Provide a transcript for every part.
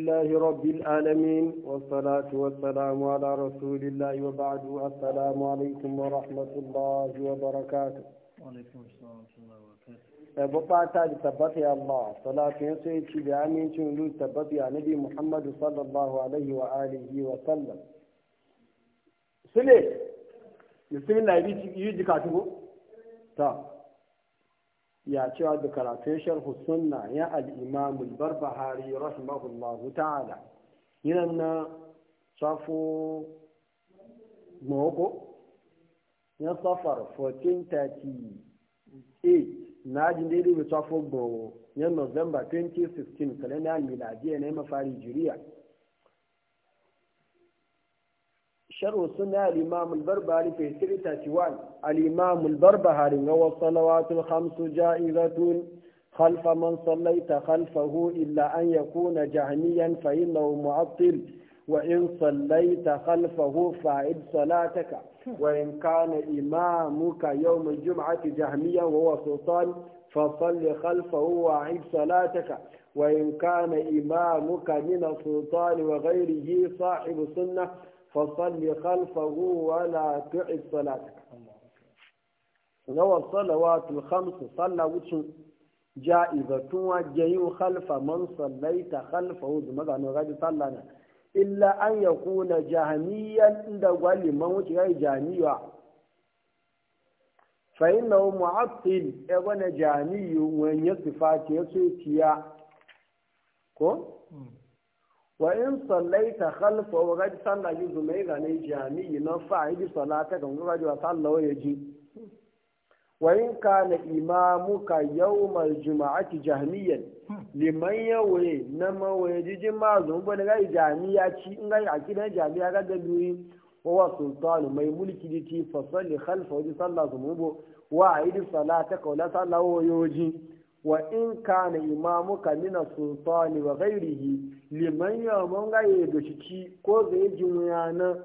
لله رب العالمين والصلاة والسلام على رسول الله وبعد السلام عليكم ورحمة الله وبركاته وعليكم السلام ورحمة الله وبركاته بقاتا لتبت يا الله صلاة ينسي بعامين شنلو تبطي يا نبي محمد صلى الله عليه وآله وسلم سلي بسم الله يجي كاتبه تا ya cewa da karatun sharhu sunna ya al-imam al-barbahari rahimahullahu ta'ala yinan na safo mawako ya safar 1438 na jin daidai da safo gowo ya november 2016 kalenda miladiya na mafari jiriya شر سنة الإمام البربهاري في سيرة تشوان الإمام البربهاري والصلوات الخمس جائزة خلف من صليت خلفه إلا أن يكون جهميا فإنه معطل وإن صليت خلفه فأعد صلاتك وإن كان إمامك يوم الجمعة جهميا وهو سلطان فصل خلفه وأعد صلاتك وإن كان إمامك من السلطان وغيره صاحب سنة fasalli khalfahu wala tu'id salatak ga wasalawatul khamsu salla wucin ja'ibatun wajayin khalfa man sallaita khalfahu zuma ga nan gaji salla na illa an yakuna jahmiyan inda gwali man wuce ga jahmiya fa innahu mu'attil e wana jahmiyu wan yasifati yasuciya ko wa in sallaita khalfa wa gaji sallah yi zuma yi gane jami'i na fa'i bi salata kan ga gaji wa sallah ya ji wa in kana imamuka yawmal juma'ati jahmiyan liman yawaye na mawaye jima'a zuma bane gaji jami'a ci in gaji akidan jami'a ga da biyu wa wa mai a wa in kana imamuka mina sultani wa ghairihi liman yawon gaye da shi ko zai ji muyana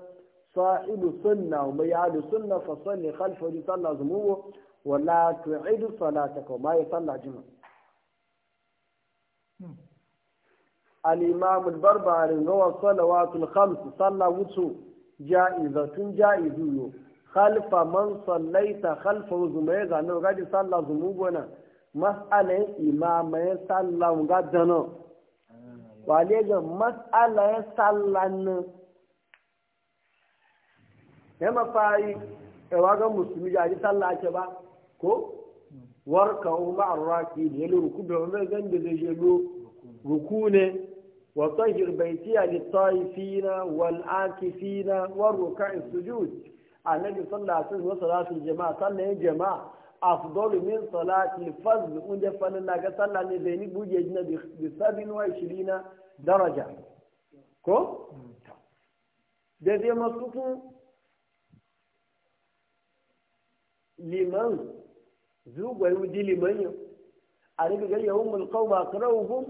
sa'idu sunna mai yadu sunna fa salli khalfa di sallah zumuwo wa la tu'idu salataka ma ya sallah jima hmm. al-imam al-barbari gawa salawatul khams sallah wutu ja'izatun ja'izu khalfa man sallaita khalfa zumaiza no gadi sallah na. masalan imamai sallan ga ah. wale ga masalan sallan nan ya mafari ewa ga musulmi ya ji sallah ake ba ko hmm. warka umma arraki da yalu ruku da wani ganda da jelo ruku ne wa tahir baitiya litaifina wal akifina war ruka'i sujud annabi sallallahu alaihi wasallam salatu jama'a sallan jama'a afdalu min salati fazl unde falalla ga sallah ne bai ni buje jina bi sabin wa ishirina daraja ko da dai masu liman zugwayu di liman yau a nabi ga yawon mulkau ba karauhun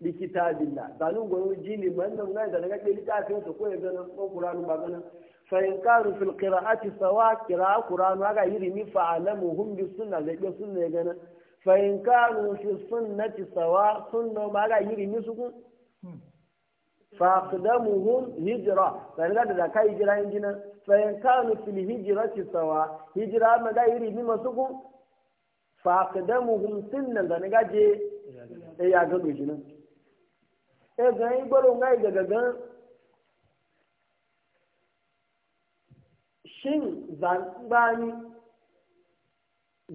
bi kitabillah zanen gwayo ji liman nan ngai da na ga ɗaya littafin su ko ya ganin ko kuranu ba ganin Fahimkaru ƙaru fil ƙira'ati sawa ƙira'a ƙura'anu aka yi rimi fa'alamu hun bi suna zaɓe suna ya gana fa'in ƙaru fi sunnati sawa sunna ma aka yi rimi su kun fa'adamu hun hijira sani ka da da ka hijira yin jina Fahimkaru fil hijira ci sawa hijira ma ka yi rimi masu kun fa'adamu hun sunna sani ka je ya gado jina. Egan igboro ngai gagagan shin zanbani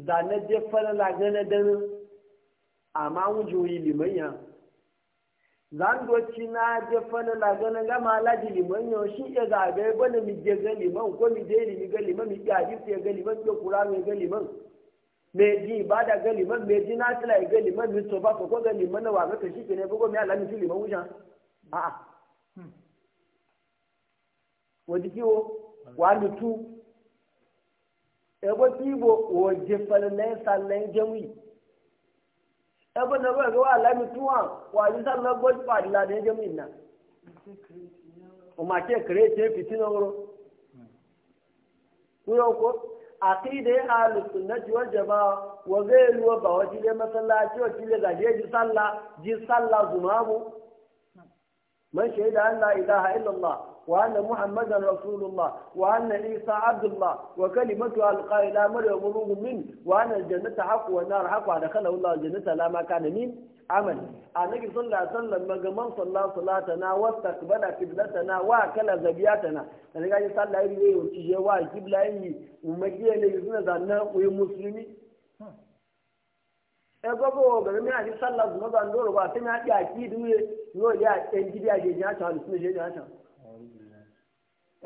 zane je na gane dana amma wujoyi limanya zan doci na je falala gane gama laji limanya shi ya zabe bane mi je ga liman ko mi je limi ga liman mi ya ga liman ko kura mai ga liman me ji ibada ga liman me ji na tila ga liman mi to ba ko ga liman na wa ga to shi ne bugo mi alamin liman wujan a'a hmm. wadi kiwo wani tu ebe tibo waje falalai sallan jami ebe na ruwa gawa alami tuwa wani sallan gwaji fadila da jami na kuma ke kirete fitinan wuro kuyo ko aqida ya ahlu sunnati wal jamaa wa ghayru ba wa jile masallaci wa jile gaje ji sallah ji sallah zumamu man shaida an la ilaha illallah وأن محمدا رسول الله وأن عيسى عبد الله وكلمة ألقى إلى مريم وروح منه وأن الجنة حق والنار حق ودخله الله الجنة لا ما كان من عمل النبي صلى الله عليه وسلم من صلى صلاتنا واستقبل قبلتنا وأكل زبياتنا أنا قاعد يصلى إليه وتجي وقبلة إليه ومجيء إليه سنة ذنب ومسلمين ẹgbọ́gbọ́ obìnrin mi àti sálà ọ̀gbọ́n bá ń lórí wa fẹ́mi àti àkíyèdúwé lórí àti ẹnjídé àjèjì àṣà àlùfíìṣẹ́ àṣà.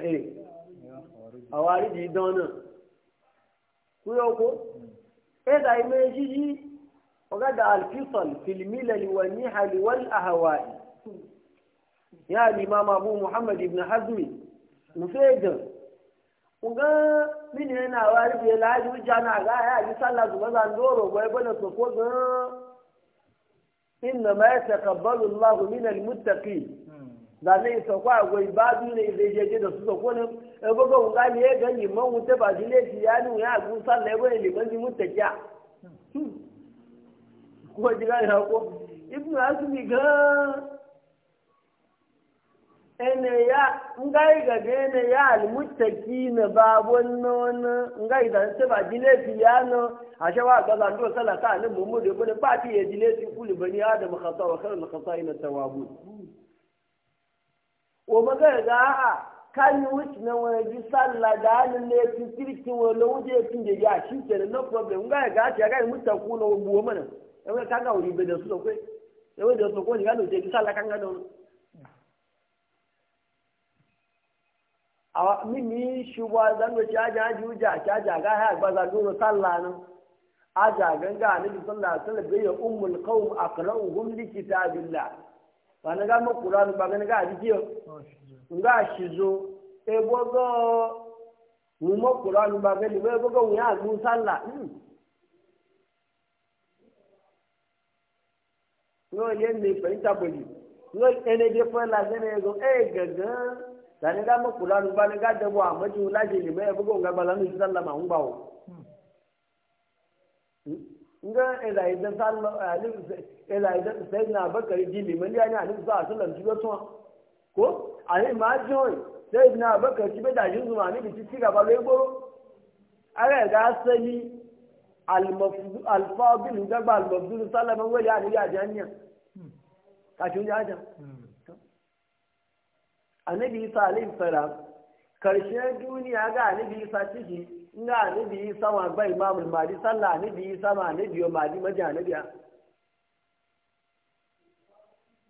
Eh, àwọn àríjì dán náà kúrò kó ẹ̀dà ìmọ̀ ẹ̀jí yìí ọ̀gádà alfisal filimilali wà ní haliwal ahawai ya mama bu muhammad ibn hazmi mufegan nga mini yana wari bai laji wujja na ga ya ji sallah zuwa zan doro gwai na soko ga inna ma yataqabbalu Allahu min al-muttaqin zane sa kwa gwai ba ne zai jeje da su sako nan e gogo un ga e ga ni ba dile ya nu ya gun sallai gwai ne ban ji mutakiya ko jira ya ko ibnu asmi ga ene ya ngai ga ene ya al mutaki na babon non ngai da se ba dile shi ya no a ga do ne mu mu ba ti ya dile shi kullu bani adam khata wa tawabun wa magaga a kan yi wuce na wani ji sallah da hannun na yafi kirkin wani wuce ya fin da ya shi ke da no problem ga ya gaci ya gani mutan kuna buwa mana ya wani kan gawo ribe da su da ya wani da su kwai gano ji a mimi shi ba zan ga caja haji wuja caja ga ya ba za dora sallah nan a jagan ga bai ya ba na gama kuranu ba na ga jikiyo nga shizo e bogo mu mo kuranu ba ga ni bogo nya du salla hmm. no yen ni pe ta boli no ene de fa la gene go e gaga da ni gama kuranu ba na ga da bo amaju la je ni me bogo nga bala ni salla ma ngbawo nga ezaidan sallo alif ezaidan sayyidina bakari dili man yani alif sa eh, sallam ji wato ko ani ma joy sayyidina bakari ji bada jin zuma ni ci ciga ba lebo ara ga sani al mafdul al fadil da ba al mafdul sallama wa ya ni ya janya ka tun ya annabi sallallahu alaihi wasallam karshen duniya ga annabi nga ni bi sama ba imamul madi sallah ni bi sama ni biyo madi maja ni biya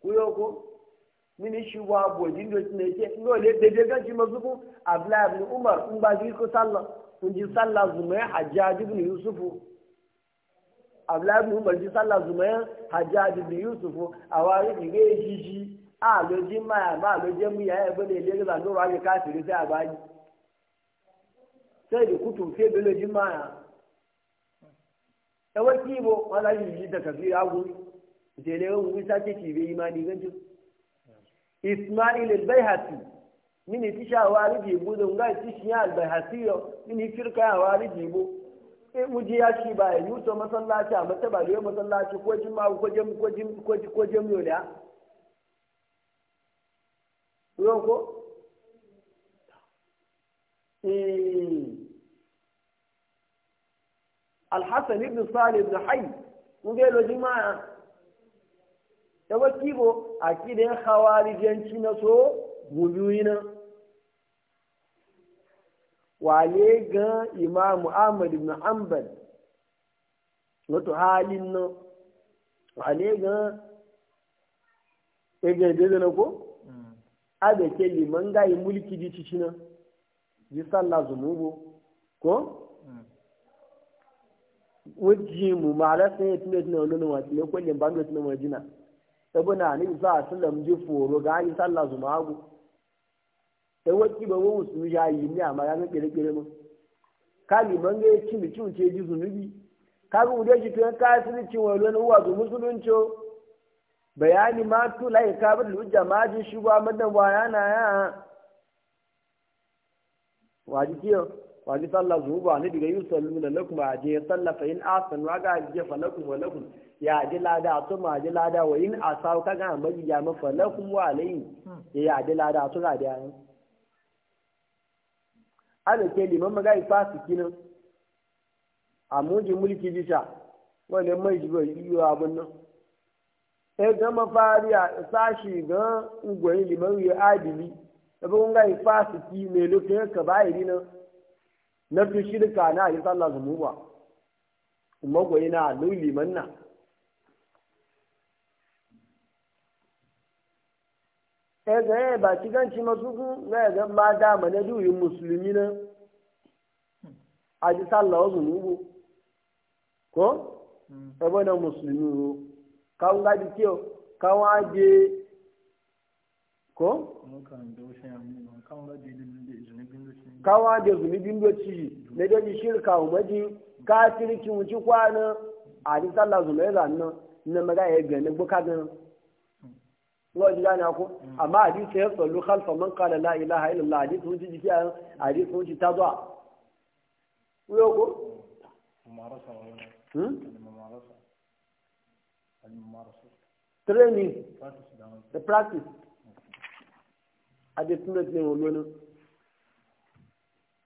kuyo ko mini shi wa bo din do ne ke no le de de gaji mazuku abla ibn umar in ba ji ko sallah kun ji sallah zumaya hajjaj ibn yusufu abla ibn umar ji sallah zumaya hajjaj ibn yusufu awari dige jiji a lo ji ma ba lo je mu ya e bo le le ga do ra ke kafiri sai abaji sai da kutu sai da lajin maya ta wasi bo wala yi da kafi agun da ne wani wisa ce ci bai imani gancin ismail albayhati mini tisha wari bu don ga tishiya albayhati yo mini firka wari bu sai eh, mu je ya ci ba ya to masallaci a mata ba da masallaci ko ma ko jin ko jim ko ko jin yo da ko eh. alhassan ibn salih da hayy mun ga yalo jima'a da wakibo a kidan hawarijanci na so gubiyoyi na wale ga imamu ahmad ibn hanbal wato halin nan wale ga ege da na ko hmm. a da ke liman gayi mulki ji cikina. na ji sallah zunubu ko wujji mu mara sun yi tunan tunan wani wasu ne kwallon na da tunan wajina sabuna ni na a sallam ji foro ga yi sallah su magu sai wakki ba wani su ya yi ne amma ya kere-kere mu kali man ga ci mu ci ce ji zunubi ka ga ude shi tunan kayan sun ci wani wani uwa su musulunci bayani ka bi lujja ma ji shi ba madan bayana ya wani sallah ba ne daga yi sallu na lakum a je sallah fa in asan wa ga je fa lakum wa lakum ya ji lada to ma ji lada wa in asa ka ga ma ji ya ma fa lakum wa alayhi ya hmm. ya ji lada to ga da yan ana ke liman maga ifa su kinan a muji mulki bisa wani mai jiwa yiwu abin nan sai e ga mafari a sashi ga ungwayin liman yi adili da e ba kun ga ifa su ki mai lokacin ka ba iri nan na fi shirka na yi sallah zumuwa magoyi na luli manna e eh, ga ya eh, ba ci ganci masu kun ga ya ma dama na juyin musulmi na a ji sallah zumuwa ko hmm. ebe na musulmi ro kawun gaji kiyo kawun aje ko? kawun gaji da kawa da zunubin bacci na daji shirka umaji kafirci wuci kwana a ni sallah zumai zanna na maga ya gani buka gani wa ji gani ako mm. amma hadisi ya tsallu khalfa man qala la ilaha illallah hadisi wuci jiki a hadisi wuci ta zuwa uyo ko hmm? training the practice a da tunan ne wa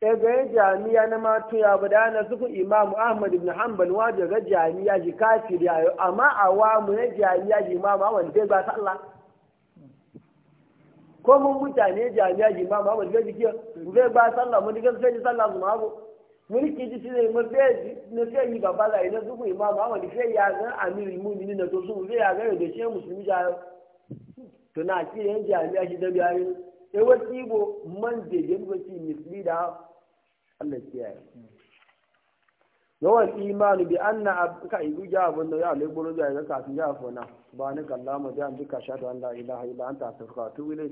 ga jami'a na matu ya bada na suku imam ahmad ibn hanbal waje ga jami'a shi kafiri ayo amma awamu na jami'a shi imam ahmad bai ba sallah ko mun mutane jami'a shi imam ahmad bai jikiya bai ba sallah mun diga sai sallah su mabo si ji sai mun sai na sai yi baba la ina suku imam ahmad sai ya ga amirul mu'minin na su sai ya ga da shi musulmi ja to na ci yan jami'a shi da biyayi e wasibo man de yan Allah ya kiyaye yawan imanu bi anna ka igu ja abun da ya alai buru ja ga kafin ja ba ni allahumma bi an bika sha an la ilaha illa anta astaghfiruka wa atubu ilayk